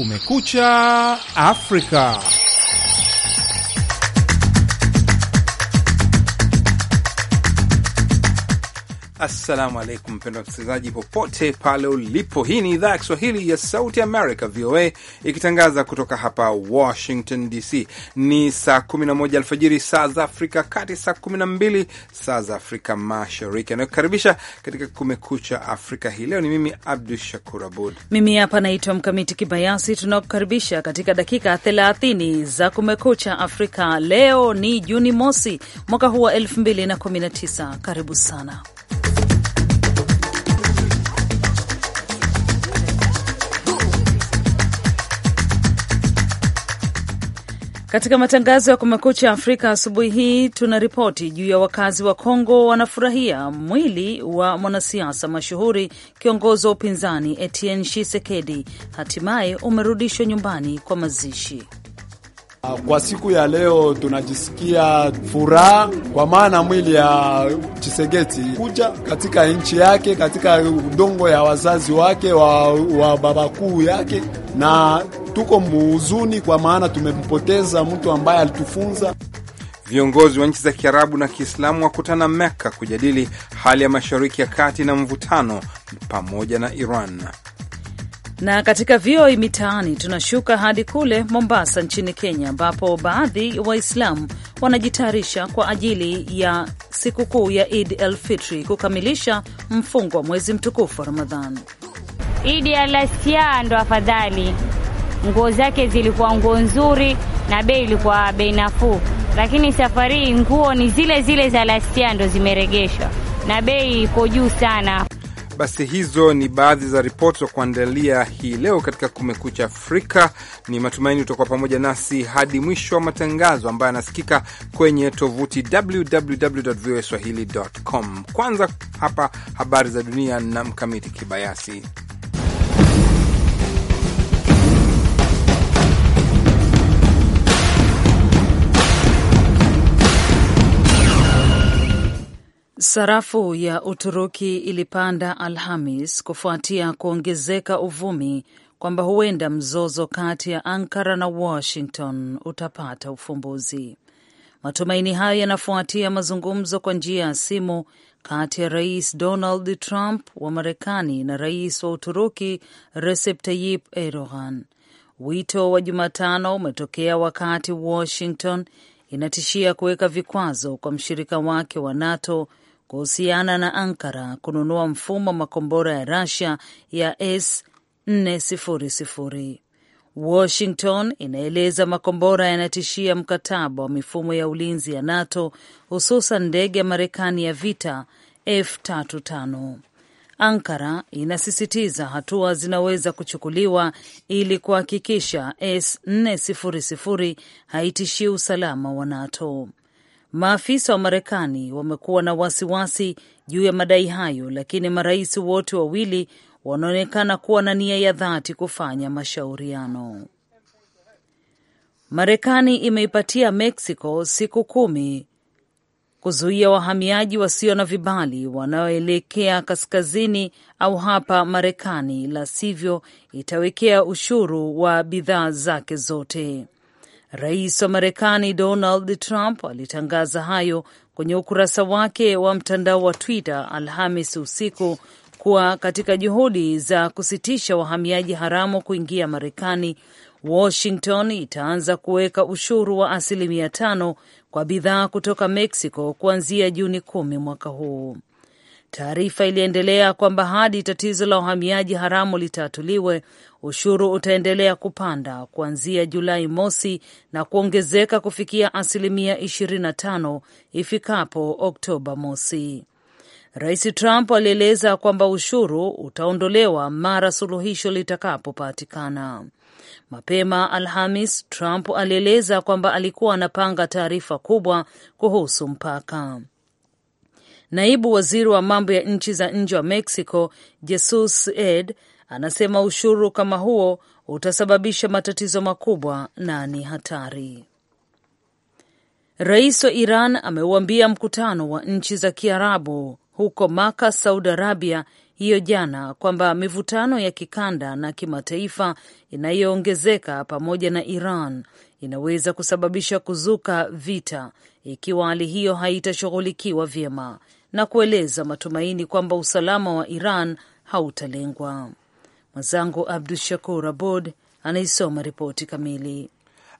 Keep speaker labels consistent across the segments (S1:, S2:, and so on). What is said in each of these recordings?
S1: Kumekucha Afrika. Assalamu alaikum, mpendwa msikilizaji popote pale ulipo. Hii ni idhaa ya Kiswahili ya Sauti America, VOA, ikitangaza kutoka hapa Washington DC. Ni saa 11 alfajiri saa za Afrika Kati, saa 12 saa za Afrika Mashariki. Anayokaribisha katika Kumekucha Afrika hii leo ni mimi Abdu Shakur Abud.
S2: Mimi hapa naitwa Mkamiti Kibayasi. Tunakukaribisha katika dakika 30 za Kumekucha Afrika. Leo ni Juni mosi mwaka huu wa 2019. Karibu sana katika matangazo ya Kumekucha Afrika asubuhi hii tuna ripoti juu ya wakazi wa Kongo wanafurahia mwili wa mwanasiasa mashuhuri, kiongozi wa upinzani Etienne Tshisekedi hatimaye umerudishwa nyumbani kwa mazishi.
S3: Ah, kwa siku ya leo tunajisikia furaha kwa maana mwili ya Chisegeti kuja katika nchi yake, katika udongo ya wazazi wake wa, wa babakuu yake, na tuko muhuzuni kwa maana tumempoteza mtu ambaye alitufunza.
S1: Viongozi wa nchi za Kiarabu na Kiislamu wakutana Mecca kujadili hali ya Mashariki ya Kati na mvutano pamoja na Iran.
S2: Na katika VOA Mitaani tunashuka hadi kule Mombasa nchini Kenya, ambapo baadhi ya Waislamu wanajitayarisha kwa ajili ya sikukuu ya Id el Fitri kukamilisha mfungo wa mwezi mtukufu wa Ramadhan. Idi alasia ndo afadhali,
S4: nguo zake zilikuwa nguo nzuri na bei ilikuwa bei nafuu, lakini safari nguo ni zile zile za lastia ndo zimeregeshwa na bei iko juu sana.
S1: Basi hizo ni baadhi za ripoti za kuandalia hii leo katika Kumekucha Afrika. Ni matumaini utakuwa pamoja nasi hadi mwisho wa matangazo ambayo yanasikika kwenye tovuti www.voaswahili.com. Kwanza hapa habari za dunia na Mkamiti Kibayasi.
S2: Sarafu ya Uturuki ilipanda Alhamis kufuatia kuongezeka uvumi kwamba huenda mzozo kati ya Ankara na Washington utapata ufumbuzi. Matumaini hayo yanafuatia mazungumzo kwa njia ya simu kati ya Rais Donald Trump wa Marekani na Rais wa Uturuki Recep Tayyip Erdogan. Wito wa Jumatano umetokea wakati Washington inatishia kuweka vikwazo kwa mshirika wake wa NATO kuhusiana na Ankara kununua mfumo wa makombora ya Russia ya S-400. Washington inaeleza makombora yanatishia mkataba wa mifumo ya ulinzi ya NATO, hususan ndege ya Marekani ya vita F-35. Ankara inasisitiza hatua zinaweza kuchukuliwa ili kuhakikisha S-400 haitishii usalama wa NATO. Maafisa wa Marekani wamekuwa na wasiwasi juu ya madai hayo, lakini marais wote wawili wanaonekana kuwa na nia ya dhati kufanya mashauriano. Marekani imeipatia Mexico siku kumi kuzuia wahamiaji wasio na vibali wanaoelekea kaskazini au hapa Marekani, la sivyo itawekea ushuru wa bidhaa zake zote. Rais wa Marekani Donald Trump alitangaza hayo kwenye ukurasa wake wa mtandao wa Twitter Alhamis usiku kuwa katika juhudi za kusitisha wahamiaji haramu kuingia Marekani, Washington itaanza kuweka ushuru wa asilimia tano kwa bidhaa kutoka Mexico kuanzia Juni kumi mwaka huu. Taarifa iliendelea kwamba hadi tatizo la uhamiaji haramu litatuliwe, ushuru utaendelea kupanda kuanzia Julai mosi na kuongezeka kufikia asilimia 25 ifikapo Oktoba mosi. Rais Trump alieleza kwamba ushuru utaondolewa mara suluhisho litakapopatikana. Mapema Alhamis, Trump alieleza kwamba alikuwa anapanga taarifa kubwa kuhusu mpaka. Naibu waziri wa mambo ya nchi za nje wa Mexico, Jesus Ed, anasema ushuru kama huo utasababisha matatizo makubwa na ni hatari. Rais wa Iran ameuambia mkutano wa nchi za Kiarabu huko Maka, Saudi Arabia hiyo jana kwamba mivutano ya kikanda na kimataifa inayoongezeka pamoja na Iran inaweza kusababisha kuzuka vita ikiwa hali hiyo haitashughulikiwa vyema na kueleza matumaini kwamba usalama wa Iran hautalengwa. Mwenzangu Abdu Shakur Abod anaisoma ripoti kamili.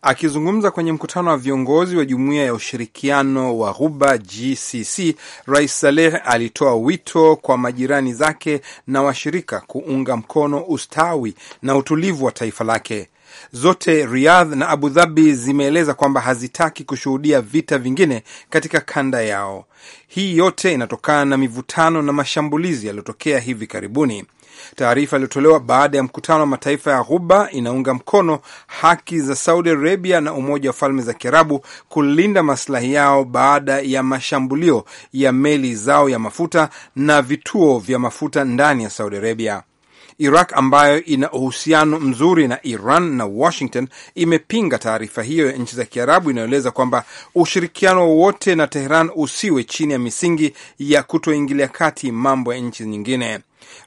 S1: Akizungumza kwenye mkutano wa viongozi wa jumuiya ya ushirikiano wa Ghuba, GCC, Rais Saleh alitoa wito kwa majirani zake na washirika kuunga mkono ustawi na utulivu wa taifa lake. Zote Riyadh na Abu Dhabi zimeeleza kwamba hazitaki kushuhudia vita vingine katika kanda yao. Hii yote inatokana na mivutano na mashambulizi yaliyotokea hivi karibuni. Taarifa iliyotolewa baada ya mkutano wa mataifa ya Ghuba inaunga mkono haki za Saudi Arabia na Umoja wa Falme za Kiarabu kulinda masilahi yao baada ya mashambulio ya meli zao ya mafuta na vituo vya mafuta ndani ya Saudi Arabia. Iraq ambayo ina uhusiano mzuri na Iran na Washington imepinga taarifa hiyo ya nchi za Kiarabu inayoeleza kwamba ushirikiano wowote na Teheran usiwe chini ya misingi ya kutoingilia kati mambo ya nchi nyingine.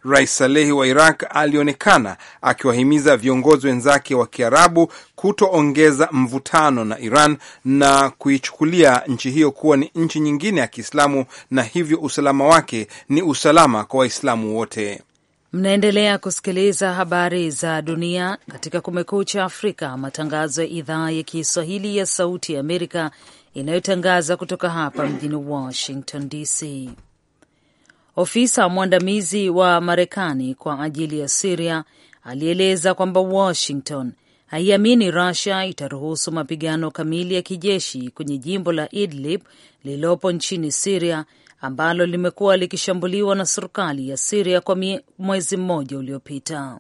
S1: Rais Salehi wa Iraq alionekana akiwahimiza viongozi wenzake wa Kiarabu kutoongeza mvutano na Iran na kuichukulia nchi hiyo kuwa ni nchi nyingine ya Kiislamu na hivyo usalama wake ni usalama kwa Waislamu wote.
S2: Mnaendelea kusikiliza habari za dunia katika Kumekucha Afrika, matangazo ya idhaa ya Kiswahili ya Sauti ya Amerika inayotangaza kutoka hapa mjini Washington DC. Ofisa mwandamizi wa Marekani kwa ajili ya Siria alieleza kwamba Washington haiamini rusia itaruhusu mapigano kamili ya kijeshi kwenye jimbo la Idlib lililopo nchini Siria ambalo limekuwa likishambuliwa na serikali ya Siria kwa mwezi mmoja uliopita.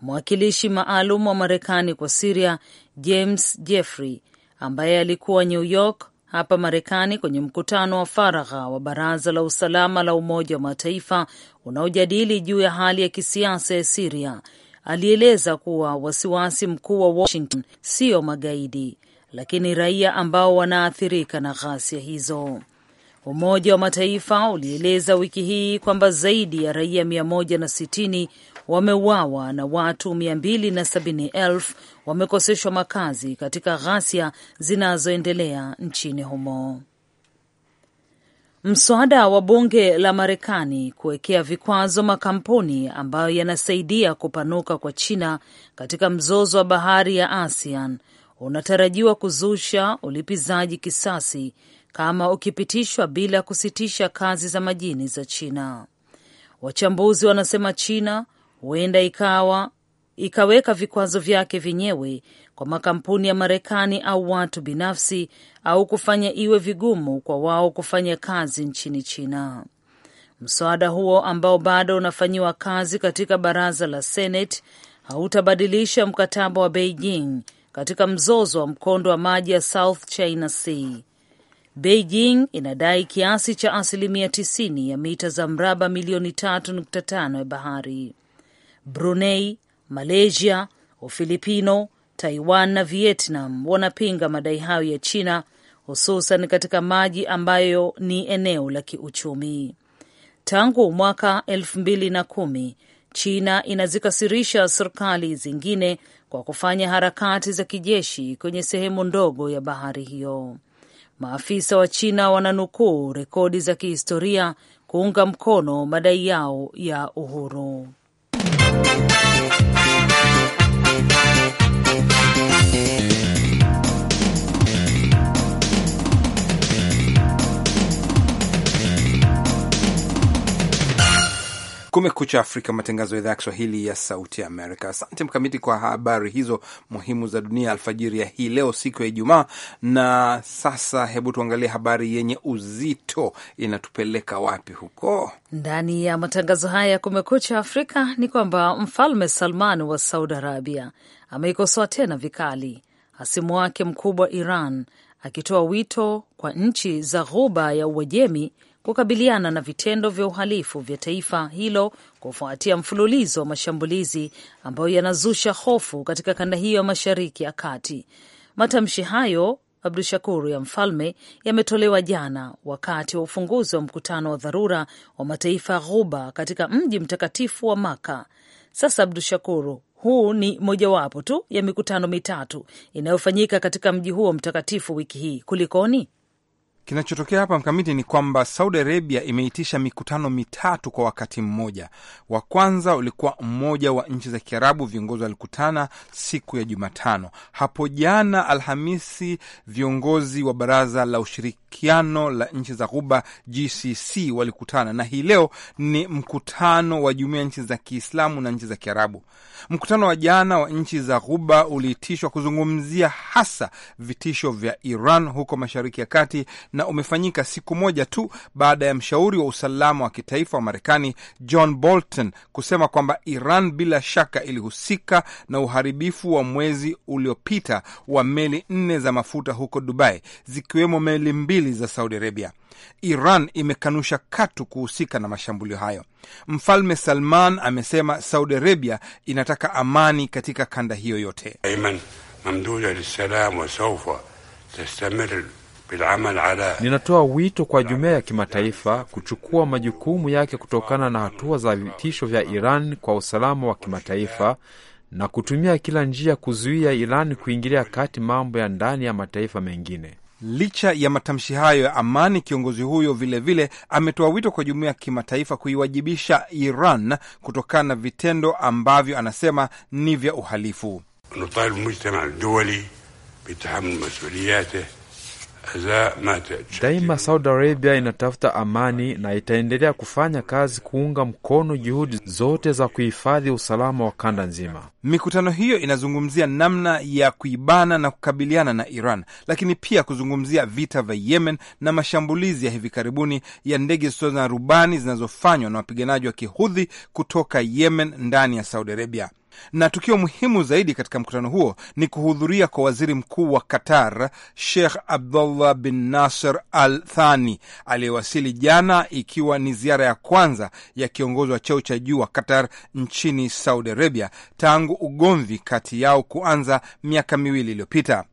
S2: Mwakilishi maalum wa Marekani kwa Siria James Jeffrey, ambaye alikuwa New York hapa Marekani kwenye mkutano wa faragha wa Baraza la Usalama la Umoja wa Mataifa unaojadili juu ya hali ya kisiasa ya Siria, alieleza kuwa wasiwasi mkuu wa Washington sio magaidi, lakini raia ambao wanaathirika na ghasia hizo. Umoja wa Mataifa ulieleza wiki hii kwamba zaidi ya raia 160 wameuawa na watu 270,000 wamekoseshwa makazi katika ghasia zinazoendelea nchini humo. Mswada wa bunge la Marekani kuwekea vikwazo makampuni ambayo yanasaidia kupanuka kwa China katika mzozo wa bahari ya ASEAN unatarajiwa kuzusha ulipizaji kisasi kama ukipitishwa bila kusitisha kazi za majini za China. Wachambuzi wanasema China huenda ikawa ikaweka vikwazo vyake vyenyewe kwa makampuni ya Marekani au watu binafsi au kufanya iwe vigumu kwa wao kufanya kazi nchini China. Mswada huo ambao bado unafanyiwa kazi katika baraza la Seneti hautabadilisha mkataba wa Beijing katika mzozo wa mkondo wa maji ya South China Sea. Beijing inadai kiasi cha asilimia 90 ya mita za mraba milioni 3.5 ya bahari. Brunei, Malaysia, Ufilipino, Taiwan na Vietnam wanapinga madai hayo ya China, hususan katika maji ambayo ni eneo la kiuchumi. Tangu mwaka elfu China inazikasirisha serikali zingine kwa kufanya harakati za kijeshi kwenye sehemu ndogo ya bahari hiyo. Maafisa wa China wananukuu rekodi za kihistoria kuunga mkono madai yao ya uhuru.
S1: Kumekucha Afrika, matangazo ya idhaa ya Kiswahili ya Sauti ya Amerika. Asante Mkamiti kwa habari hizo muhimu za dunia alfajiri ya hii leo, siku ya Ijumaa. Na sasa hebu tuangalie habari yenye uzito, inatupeleka wapi huko
S2: ndani ya matangazo haya ya Kumekucha Afrika? Ni kwamba Mfalme Salman wa Saudi Arabia ameikosoa tena vikali hasimu wake mkubwa Iran, akitoa wito kwa nchi za Ghuba ya Uajemi kukabiliana na vitendo vya uhalifu vya taifa hilo kufuatia mfululizo wa mashambulizi ambayo yanazusha hofu katika kanda hiyo ya Mashariki ya Kati. Matamshi hayo Abdu Shakuru ya mfalme yametolewa jana wakati wa ufunguzi wa mkutano wa dharura wa mataifa ya Ghuba katika mji mtakatifu wa Maka. Sasa Abdu Shakuru, huu ni mojawapo tu ya mikutano mitatu inayofanyika katika mji huo mtakatifu wiki hii. Kulikoni?
S1: Kinachotokea hapa mkamiti ni kwamba Saudi Arabia imeitisha mikutano mitatu kwa wakati mmoja. Wa kwanza ulikuwa mmoja wa nchi za Kiarabu, viongozi walikutana siku ya Jumatano. Hapo jana Alhamisi, viongozi wa baraza la ushiriki ushirikiano la nchi za Ghuba GCC walikutana, na hii leo ni mkutano wa jumuiya ya nchi za Kiislamu na nchi za Kiarabu. Mkutano wa jana wa nchi za Ghuba uliitishwa kuzungumzia hasa vitisho vya Iran huko Mashariki ya Kati na umefanyika siku moja tu baada ya mshauri wa usalama wa kitaifa wa Marekani John Bolton kusema kwamba Iran bila shaka ilihusika na uharibifu wa mwezi uliopita wa meli nne za mafuta huko Dubai, zikiwemo meli mbili mbili za Saudi Arabia. Iran imekanusha katu kuhusika na mashambulio hayo. Mfalme Salman amesema Saudi Arabia inataka amani katika kanda hiyo yote. Ninatoa wito kwa jumuiya ya kimataifa kuchukua majukumu yake kutokana na hatua za vitisho vya Iran kwa usalama wa kimataifa na kutumia kila njia kuzuia Iran kuingilia kati mambo ya ndani ya mataifa mengine. Licha ya matamshi hayo ya amani, kiongozi huyo vilevile ametoa wito kwa jumuiya ya kimataifa kuiwajibisha Iran kutokana na vitendo ambavyo anasema ni vya uhalifu. Daima Saudi Arabia inatafuta amani na itaendelea kufanya kazi kuunga mkono juhudi zote za kuhifadhi usalama wa kanda nzima. Mikutano hiyo inazungumzia namna ya kuibana na kukabiliana na Iran, lakini pia kuzungumzia vita vya Yemen na mashambulizi ya hivi karibuni ya ndege zisizo na rubani zinazofanywa na wapiganaji wa Kihudhi kutoka Yemen ndani ya Saudi Arabia. Na tukio muhimu zaidi katika mkutano huo ni kuhudhuria kwa waziri mkuu wa Qatar Sheikh Abdullah bin Nasser Al Thani aliyewasili jana, ikiwa ni ziara ya kwanza ya kiongozi wa cheo cha juu wa Qatar nchini Saudi Arabia tangu ugomvi kati yao kuanza miaka miwili iliyopita.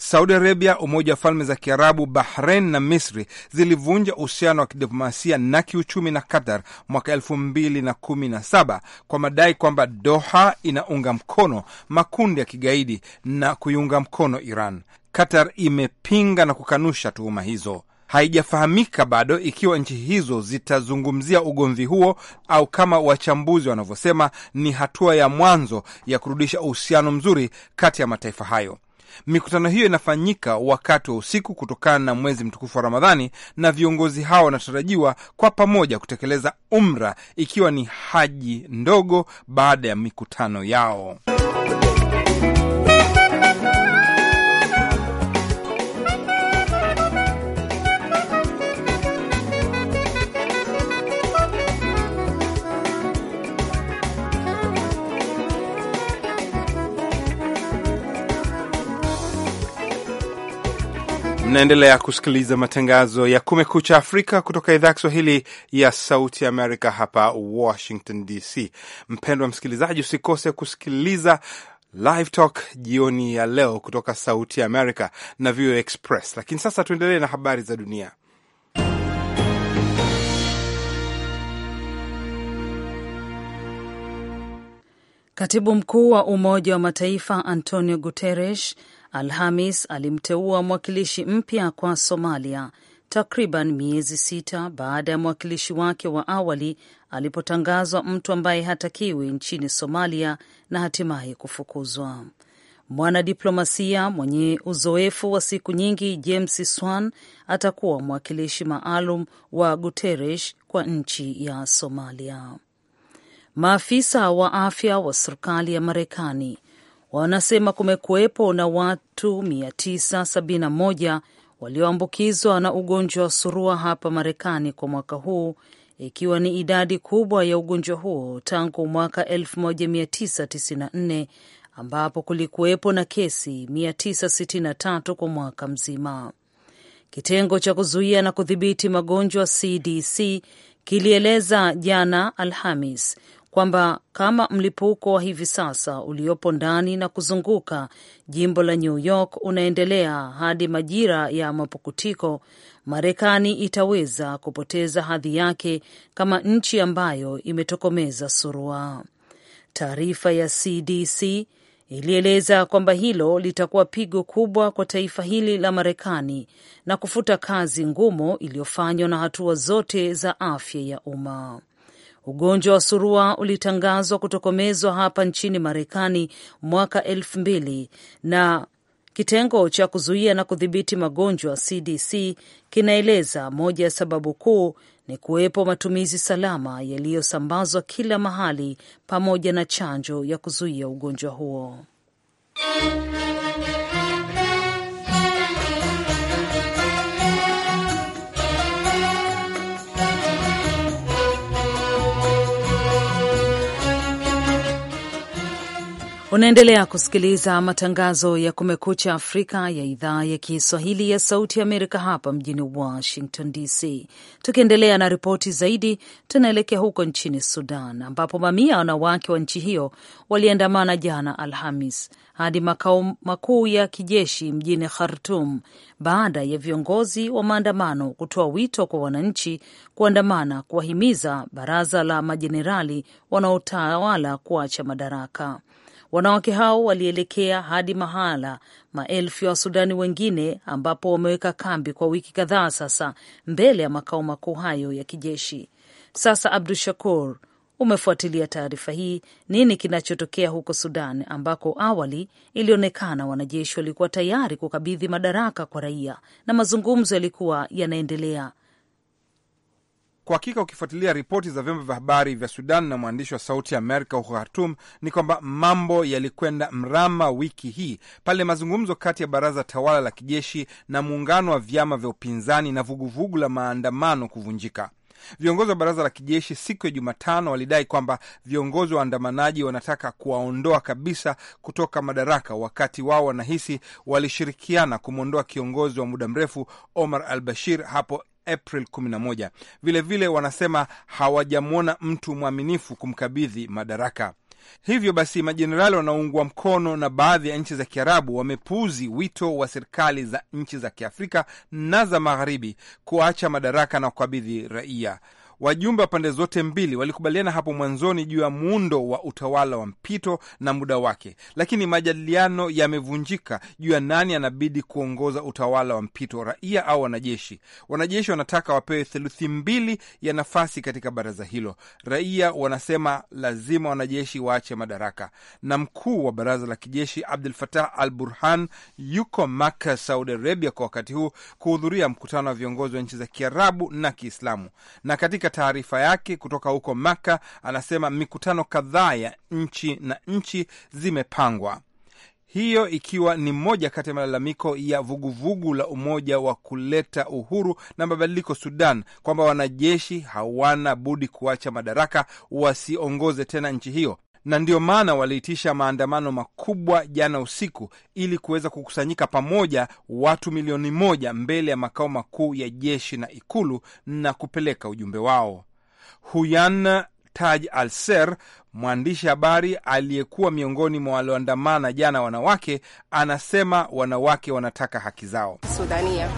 S1: Saudi Arabia, Umoja wa Falme za Kiarabu, Bahrain na Misri zilivunja uhusiano wa kidiplomasia na kiuchumi na Qatar mwaka elfu mbili na kumi na saba kwa madai kwamba Doha inaunga mkono makundi ya kigaidi na kuiunga mkono Iran. Qatar imepinga na kukanusha tuhuma hizo. Haijafahamika bado ikiwa nchi hizo zitazungumzia ugomvi huo au kama wachambuzi wanavyosema ni hatua ya mwanzo ya kurudisha uhusiano mzuri kati ya mataifa hayo. Mikutano hiyo inafanyika wakati wa usiku kutokana na mwezi mtukufu wa Ramadhani, na viongozi hao wanatarajiwa kwa pamoja kutekeleza umra, ikiwa ni haji ndogo baada ya mikutano yao. Mnaendelea kusikiliza matangazo ya Kumekucha Afrika kutoka idhaa ya Kiswahili ya Sauti Amerika hapa Washington DC. Mpendwa msikilizaji, usikose kusikiliza Live Talk jioni ya leo kutoka Sauti Amerika na VOA Express. Lakini sasa tuendelee na habari za dunia.
S2: Katibu mkuu wa Umoja wa Mataifa Antonio Guterres Alhamis alimteua mwakilishi mpya kwa Somalia takriban miezi sita baada ya mwakilishi wake wa awali alipotangazwa mtu ambaye hatakiwi nchini Somalia na hatimaye kufukuzwa. Mwanadiplomasia mwenye uzoefu wa siku nyingi James Swan atakuwa mwakilishi maalum wa Guterres kwa nchi ya Somalia. Maafisa wa afya wa serikali ya Marekani wanasema kumekuwepo na watu 971 walioambukizwa na ugonjwa wa surua hapa Marekani kwa mwaka huu ikiwa ni idadi kubwa ya ugonjwa huo tangu mwaka 1994 ambapo kulikuwepo na kesi 963 kwa mwaka mzima. Kitengo cha kuzuia na kudhibiti magonjwa CDC kilieleza jana Alhamis kwamba kama mlipuko wa hivi sasa uliopo ndani na kuzunguka jimbo la New York unaendelea hadi majira ya mapukutiko, Marekani itaweza kupoteza hadhi yake kama nchi ambayo imetokomeza surua. Taarifa ya CDC ilieleza kwamba hilo litakuwa pigo kubwa kwa taifa hili la Marekani na kufuta kazi ngumu iliyofanywa na hatua zote za afya ya umma. Ugonjwa wa surua ulitangazwa kutokomezwa hapa nchini Marekani mwaka elfu mbili na kitengo cha kuzuia na kudhibiti magonjwa CDC kinaeleza moja ya sababu kuu ni kuwepo matumizi salama yaliyosambazwa kila mahali pamoja na chanjo ya kuzuia ugonjwa huo. Unaendelea kusikiliza matangazo ya Kumekucha Afrika ya idhaa ya Kiswahili ya Sauti ya Amerika hapa mjini Washington DC. Tukiendelea na ripoti zaidi, tunaelekea huko nchini Sudan ambapo mamia ya wanawake wa nchi hiyo waliandamana jana Alhamis hadi makao makuu ya kijeshi mjini Khartum baada ya viongozi wa maandamano kutoa wito kwa wananchi kuandamana kuwahimiza baraza la majenerali wanaotawala kuacha madaraka. Wanawake hao walielekea hadi mahala maelfu ya Wasudani wengine ambapo wameweka kambi kwa wiki kadhaa sasa mbele ya makao makuu hayo ya kijeshi. Sasa, Abdu Shakur, umefuatilia taarifa hii, nini kinachotokea huko Sudan ambako awali ilionekana wanajeshi walikuwa tayari kukabidhi madaraka kwa raia na mazungumzo yalikuwa yanaendelea?
S1: Kwa hakika ukifuatilia ripoti za vyombo vya habari vya Sudan na mwandishi wa Sauti ya Amerika huko Khartum ni kwamba mambo yalikwenda mrama wiki hii pale mazungumzo kati ya baraza tawala la kijeshi na muungano wa vyama vya upinzani na vuguvugu la maandamano kuvunjika. Viongozi wa baraza la kijeshi siku ya Jumatano walidai kwamba viongozi wa waandamanaji wanataka kuwaondoa kabisa kutoka madaraka, wakati wao wanahisi walishirikiana kumwondoa kiongozi wa muda mrefu Omar al Bashir hapo April 11. Vilevile vile wanasema hawajamwona mtu mwaminifu kumkabidhi madaraka. Hivyo basi majenerali wanaoungwa mkono na baadhi ya nchi za Kiarabu wamepuuzi wito wa serikali za nchi za Kiafrika na za Magharibi kuacha madaraka na kukabidhi raia. Wajumbe wa pande zote mbili walikubaliana hapo mwanzoni juu ya muundo wa utawala wa mpito na muda wake, lakini majadiliano yamevunjika juu ya nani anabidi kuongoza utawala wa mpito, raia au wanajeshi. Wanajeshi wanataka wapewe theluthi mbili ya nafasi katika baraza hilo. Raia wanasema lazima wanajeshi waache madaraka. Na mkuu wa baraza la kijeshi Abdul Fatah Al Burhan yuko Maka, Saudi Arabia, kwa wakati huu kuhudhuria mkutano wa viongozi wa nchi za Kiarabu na Kiislamu na katika katika taarifa yake kutoka huko Maka, anasema mikutano kadhaa ya nchi na nchi zimepangwa, hiyo ikiwa ni moja kati ya malalamiko ya vuguvugu la umoja wa kuleta uhuru na mabadiliko Sudan, kwamba wanajeshi hawana budi kuacha madaraka, wasiongoze tena nchi hiyo na ndiyo maana waliitisha maandamano makubwa jana usiku ili kuweza kukusanyika pamoja watu milioni moja mbele ya makao makuu ya jeshi na ikulu na kupeleka ujumbe wao. Huyan Taj Alser, mwandishi habari aliyekuwa miongoni mwa walioandamana jana wanawake, anasema wanawake wanataka haki zao. Sudania.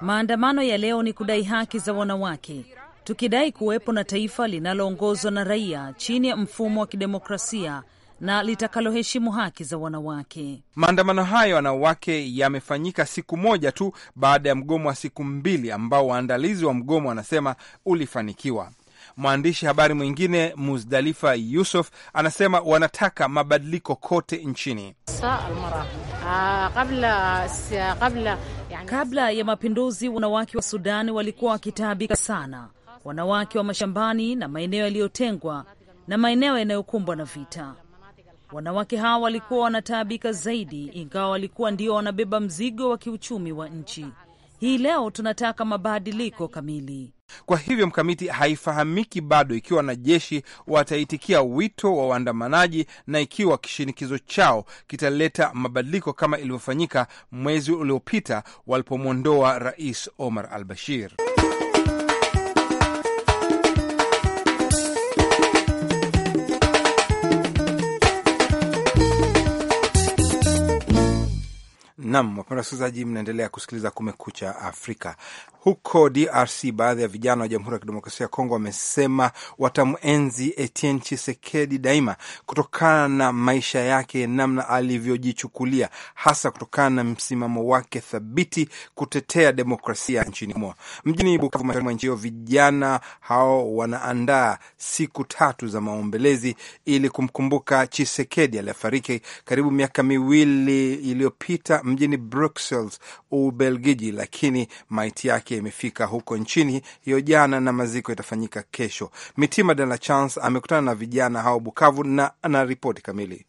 S2: Maandamano ya leo ni kudai haki za wanawake tukidai kuwepo na taifa linaloongozwa na raia chini ya mfumo wa kidemokrasia na litakaloheshimu haki za wanawake.
S1: Maandamano hayo ya wanawake yamefanyika siku moja tu baada ya mgomo wa siku mbili ambao waandalizi wa mgomo wanasema ulifanikiwa. Mwandishi habari mwingine Muzdalifa Yusuf anasema wanataka mabadiliko kote nchini.
S2: Kabla ya mapinduzi, wanawake wa Sudani walikuwa wakitaabika sana wanawake wa mashambani na maeneo yaliyotengwa na maeneo yanayokumbwa na vita. Wanawake hawa walikuwa wanataabika zaidi, ingawa walikuwa ndio wanabeba mzigo wa kiuchumi wa nchi hii. Leo tunataka mabadiliko kamili.
S1: Kwa hivyo mkamiti, haifahamiki bado ikiwa wanajeshi wataitikia wito wa waandamanaji na ikiwa kishinikizo chao kitaleta mabadiliko kama ilivyofanyika mwezi uliopita walipomwondoa rais Omar al Bashir. Nam, wapenda wasikilizaji, mnaendelea kusikiliza Kumekucha Afrika. Huko DRC, baadhi ya vijana wa Jamhuri ya Kidemokrasia ya Kongo wamesema watamuenzi Etienne Chisekedi daima kutokana na maisha yake, namna alivyojichukulia, hasa kutokana na msimamo wake thabiti kutetea demokrasia nchini humo. Mjini Bukavu, mashariki mwa nchi hiyo, vijana hao wanaandaa siku tatu za maombelezi ili kumkumbuka Chisekedi aliyefariki karibu miaka miwili iliyopita mjini Brussels, Ubelgiji, lakini maiti yake imefika huko nchini hiyo jana na maziko itafanyika kesho. Mitima de la Chance amekutana na vijana hao Bukavu na ana ripoti kamili.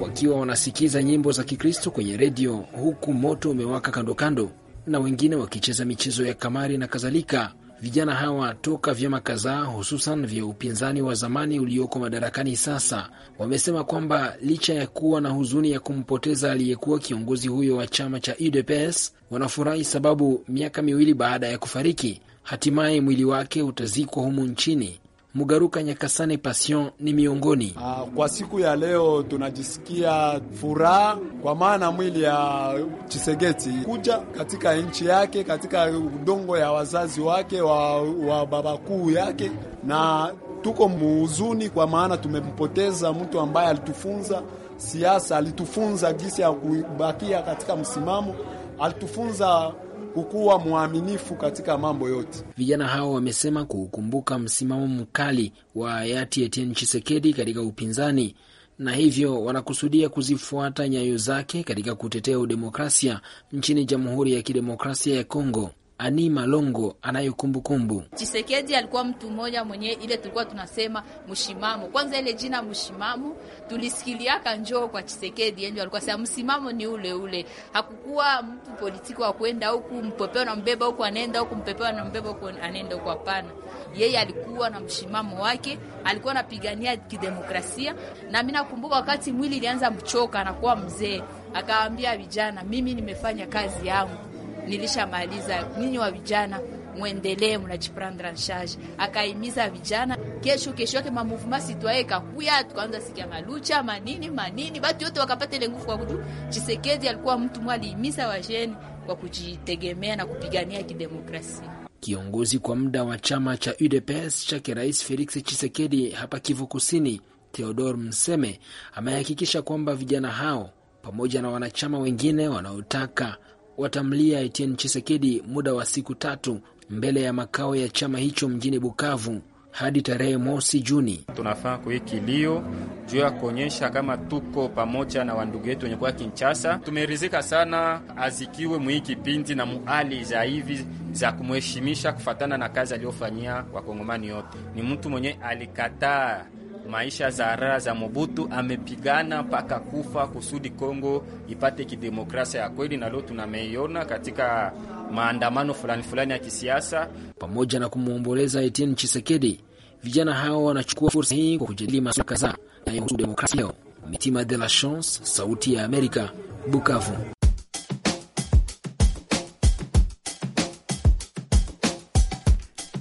S1: Wakiwa wanasikiza
S3: nyimbo za Kikristo kwenye redio, huku moto umewaka kando kando, na wengine wakicheza michezo ya kamari na kadhalika. Vijana hawa toka vyama kadhaa hususan vya upinzani wa zamani ulioko madarakani sasa wamesema kwamba licha ya kuwa na huzuni ya kumpoteza aliyekuwa kiongozi huyo wa chama cha UDPS, wanafurahi sababu miaka miwili baada ya kufariki, hatimaye mwili wake utazikwa humu nchini Mugaruka Nyakasane Passion ni miongoni. Ah, kwa siku ya leo tunajisikia furaha kwa maana mwili ya Chisegeti kuja katika nchi yake katika udongo ya wazazi wake wa, wa babakuu yake na tuko muhuzuni kwa maana tumempoteza mtu ambaye alitufunza siasa, alitufunza jinsi ya kubakia katika msimamo, alitufunza kukuwa mwaminifu katika mambo yote. Vijana hao wamesema kuukumbuka msimamo mkali wa hayati Etienne chisekedi katika upinzani na hivyo wanakusudia kuzifuata nyayo zake katika kutetea udemokrasia nchini Jamhuri ya Kidemokrasia ya Kongo. Ani Malongo anayo kumbukumbu.
S5: Chisekedi alikuwa mtu mmoja mwenye ile tulikuwa tunasema mshimamo. Kwanza ile jina mshimamo tulisikiliaka njoo kwa Chisekedi yenjo, alikuwa sema msimamo ni ule ule, hakukuwa mtu politiki wa kwenda huku mpepeo na mbeba huku anaenda huku mpepeo na mbeba huku anaenda huku, hapana. Yeye alikuwa na mshimamo wake, alikuwa anapigania kidemokrasia. Na mimi nakumbuka wakati mwili ilianza mchoka, anakuwa mzee, akawaambia vijana, mimi nimefanya kazi yangu nilishamaliza, Ninyi wa vijana mwendelee, mnajiprendre en charge. Akaimiza vijana, kesho kesho yake mamuvuma sitwae kakuya, tukaanza sikia malucha manini manini, batu yote wakapata ile nguvu. Kwa kutu Chisekedi alikuwa mtu mwa mwaliimiza wajeni kwa kujitegemea na kupigania
S4: kidemokrasia.
S3: Kiongozi kwa muda wa chama cha UDPS chake Rais Felix Chisekedi hapa Kivu Kusini, Theodor Mseme amehakikisha kwamba vijana hao pamoja na wanachama wengine wanaotaka watamlia Etienne Chisekedi muda wa siku tatu mbele ya makao ya chama hicho mjini Bukavu hadi tarehe mosi Juni.
S1: Tunafaa kuhii kilio juu ya kuonyesha kama tuko pamoja na wandugu yetu
S3: wenye kuwa Kinshasa. Tumerizika sana azikiwe mwiki kipindi na muali za hivi
S1: za kumuheshimisha kufatana na kazi aliyofanyia wakongomani yote. Ni mtu mwenye alikataa maisha za raha za Mobutu. Amepigana mpaka kufa kusudi Kongo ipate kidemokrasia ya kweli, na leo tunameiona katika maandamano
S3: fulani fulani ya kisiasa. Pamoja na kumwomboleza Etienne chisekedi vijana hao wanachukua fursa hii kwa kujadili masuala kadhaa yanayohusu demokrasia. Mitima de la Chance, Sauti ya Amerika, Bukavu.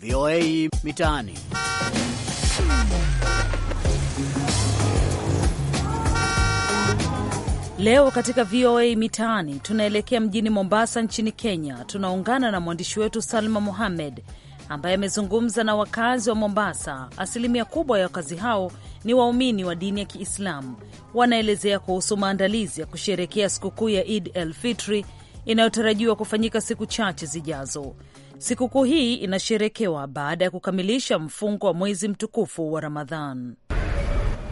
S3: VOA Mitaani.
S2: Leo katika VOA Mitaani tunaelekea mjini Mombasa nchini Kenya. Tunaungana na mwandishi wetu Salma Mohamed ambaye amezungumza na wakazi wa Mombasa. Asilimia kubwa ya wakazi hao ni waumini wa dini ya Kiislamu, wanaelezea kuhusu maandalizi ya kusherekea sikukuu ya Id el Fitri inayotarajiwa kufanyika siku chache zijazo. Sikukuu hii inasherekewa baada ya kukamilisha mfungo wa mwezi mtukufu wa Ramadhan.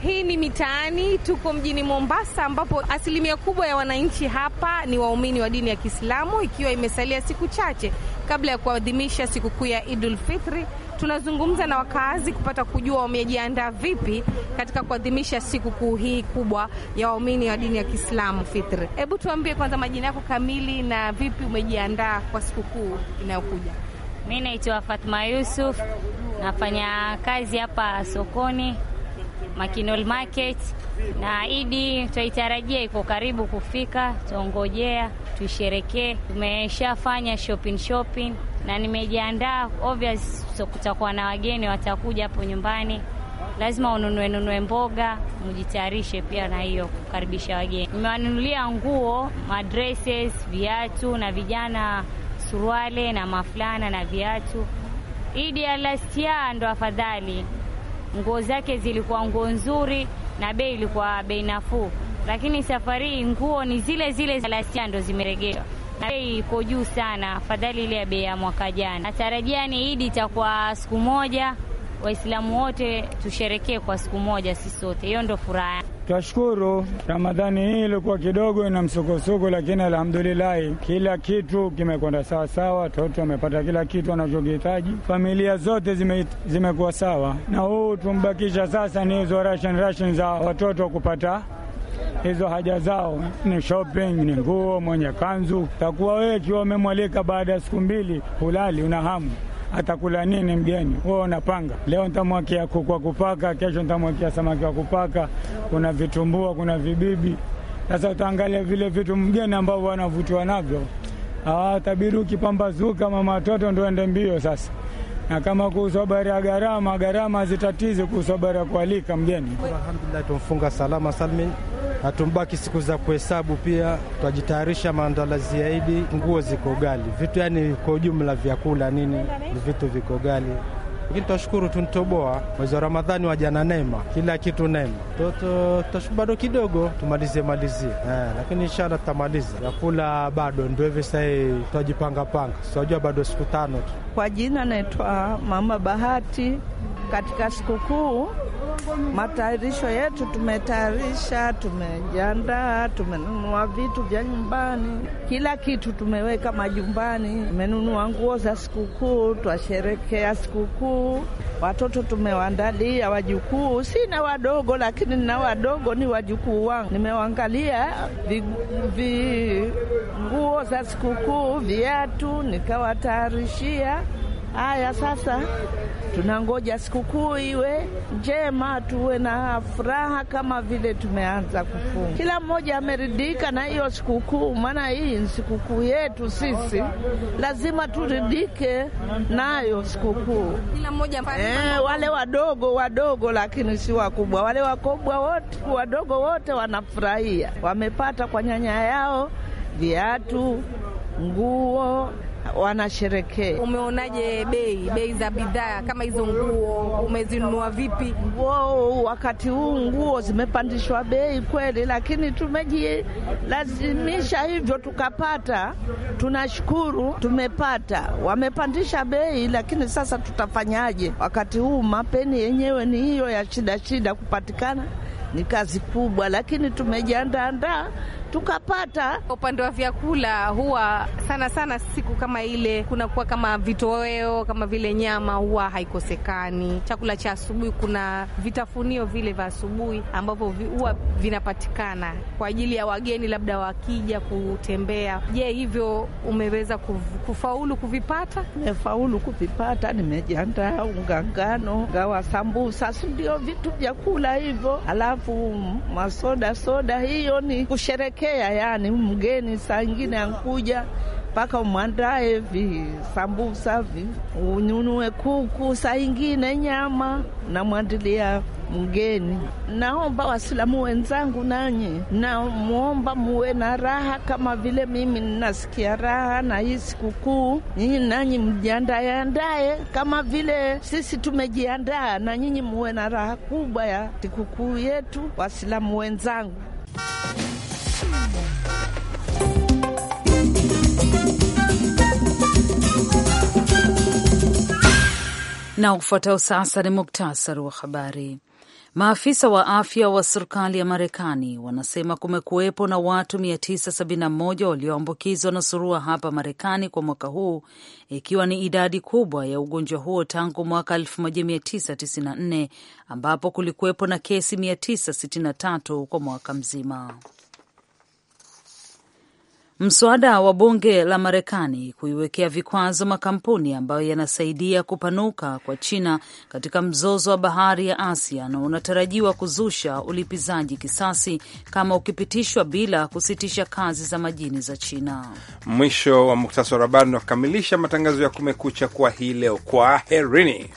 S5: Hii ni Mitaani, tuko mjini Mombasa, ambapo asilimia kubwa ya wananchi hapa ni waumini wa dini ya Kiislamu, ikiwa imesalia siku chache kabla ya kuadhimisha sikukuu ya Idul Fitri. Tunazungumza na wakaazi kupata kujua wamejiandaa vipi katika kuadhimisha sikukuu hii kubwa ya waumini wa dini ya Kiislamu
S4: Fitri. Hebu tuambie kwanza majina yako kamili na vipi umejiandaa kwa sikukuu inayokuja. Mi naitwa Fatma Yusuf, nafanya kazi hapa sokoni Makinol Market na Idi twaitarajia iko karibu kufika, tuongojea tusherekee. Tumeshafanya shopping shopping na nimejiandaa obvious, so kutakuwa na wageni watakuja hapo nyumbani, lazima ununue nunue mboga, mjitayarishe pia na hiyo kukaribisha wageni. Nimewanunulia nguo, madresses, viatu na vijana suruale na mafulana na viatu. Idi ya last year ndo afadhali nguo zake zilikuwa nguo nzuri na bei ilikuwa bei nafuu, lakini safari hii nguo ni zile zile za lasia ndo zimeregewa na bei iko juu sana, afadhali ile ya bei ya mwaka jana. Natarajia ni Idi itakuwa siku moja Waislamu wote tusherekee kwa siku moja, sisi sote, hiyo ndo furaha.
S3: Twashukuru Ramadhani hii ilikuwa kidogo ina msukosuko, lakini alhamdulilahi, kila kitu kimekwenda sawasawa. Watoto wamepata kila kitu wanachokihitaji, familia zote zimekuwa zime sawa, na huu tumbakisha sasa ni hizo ration za watoto kupata hizo haja zao ni shopping, ni nguo, mwenye kanzu takuwa wewe kiwa umemwalika baada ya siku mbili hulali, una hamu atakula nini mgeni wao, wanapanga leo nitamwekea kuku wa kupaka, kesho nitamwekea samaki wa kupaka, kuna vitumbua, kuna vibibi. Sasa utaangalia vile vitu mgeni ambavyo wanavutiwa navyo, tabiruki ukipambazuka mama watoto ndo ende mbio sasa na kama kuhusu habari ya gharama, gharama zitatize kuhusu habari ya kualika mgeni. Alhamdulillah, tumfunga salama na tumbaki siku za kuhesabu.
S1: Pia twajitayarisha maandalizi zaidi, nguo ziko gali vitu yani kwa ujumla, vyakula nini, vitu viko gali lakini twashukuru tunitoboa mwezi wa Ramadhani wajana jana, neema kila kitu neema. Toto bado kidogo tumalizie malizie eh, lakini inshallah tutamaliza. Vyakula bado ndio hivi sahii tutajipangapanga, sajua bado
S3: siku tano tu.
S5: Kwa jina naitwa Mama Bahati katika sikukuu matayarisho yetu, tumetayarisha, tumejiandaa, tumenunua vitu vya nyumbani, kila kitu tumeweka majumbani, tumenunua nguo za sikukuu, twasherekea sikukuu. Watoto tumewaandalia, wajukuu, sina wadogo, lakini na wadogo ni wajukuu wangu, nimewangalia vinguo vi nguo za sikukuu, viatu, nikawatayarishia. Haya, sasa Tunangoja sikukuu iwe njema, tuwe na furaha kama vile tumeanza kufunga. Kila mmoja ameridhika na hiyo sikukuu, maana hii ni sikukuu yetu sisi, lazima turidhike nayo sikukuu. E, wale wadogo wadogo, lakini si wakubwa, wale wakubwa wote, wadogo wote wanafurahia, wamepata kwa nyanya yao viatu, nguo wanasherekea. Umeonaje bei bei za bidhaa kama hizo nguo, umezinunua vipi? Wow, wakati huu nguo zimepandishwa bei kweli, lakini tumejilazimisha hivyo tukapata. Tunashukuru tumepata, wamepandisha bei, lakini sasa tutafanyaje? Wakati huu mapeni yenyewe ni hiyo ya shida shida kupatikana, ni kazi kubwa, lakini tumejiandaandaa tukapata. Upande wa vyakula huwa sana sana siku kama ile kunakuwa kama vitoweo kama vile nyama huwa haikosekani. Chakula cha asubuhi, kuna vitafunio vile vya asubuhi ambavyo huwa vinapatikana kwa ajili ya wageni, labda wakija kutembea. Je, hivyo umeweza kufaulu kuvipata? Nimefaulu kuvipata, nimejiandaa unga ngano, ngawa sambusa, si ndio vitu vyakula hivyo, alafu mm, masoda soda, hiyo ni kusherekea kupokea, yani mgeni saa ingine ankuja mpaka umwandae visambusa unyunue kuku, saa ingine nyama, namwandilia mgeni. Naomba wasilamu wenzangu, nanyi namwomba muwe na raha kama vile mimi ninasikia raha na hii sikukuu. Nyinyi nanyi mjiandaeandae kama vile sisi tumejiandaa, na nyinyi muwe na raha kubwa ya sikukuu yetu, wasilamu wenzangu.
S2: Na ufuatao sasa ni muktasari wa habari. Maafisa wa afya wa serikali ya Marekani wanasema kumekuwepo na watu 971 walioambukizwa na surua hapa Marekani kwa mwaka huu, ikiwa ni idadi kubwa ya ugonjwa huo tangu mwaka 1994 ambapo kulikuwepo na kesi 963 kwa mwaka mzima. Mswada wa bunge la Marekani kuiwekea vikwazo makampuni ambayo yanasaidia kupanuka kwa China katika mzozo wa bahari ya Asia na unatarajiwa kuzusha ulipizaji kisasi kama ukipitishwa bila kusitisha kazi za majini za China.
S1: Mwisho wa muktasari wa habari ndio matangazo ya Kumekucha kwa hii leo. kwa herini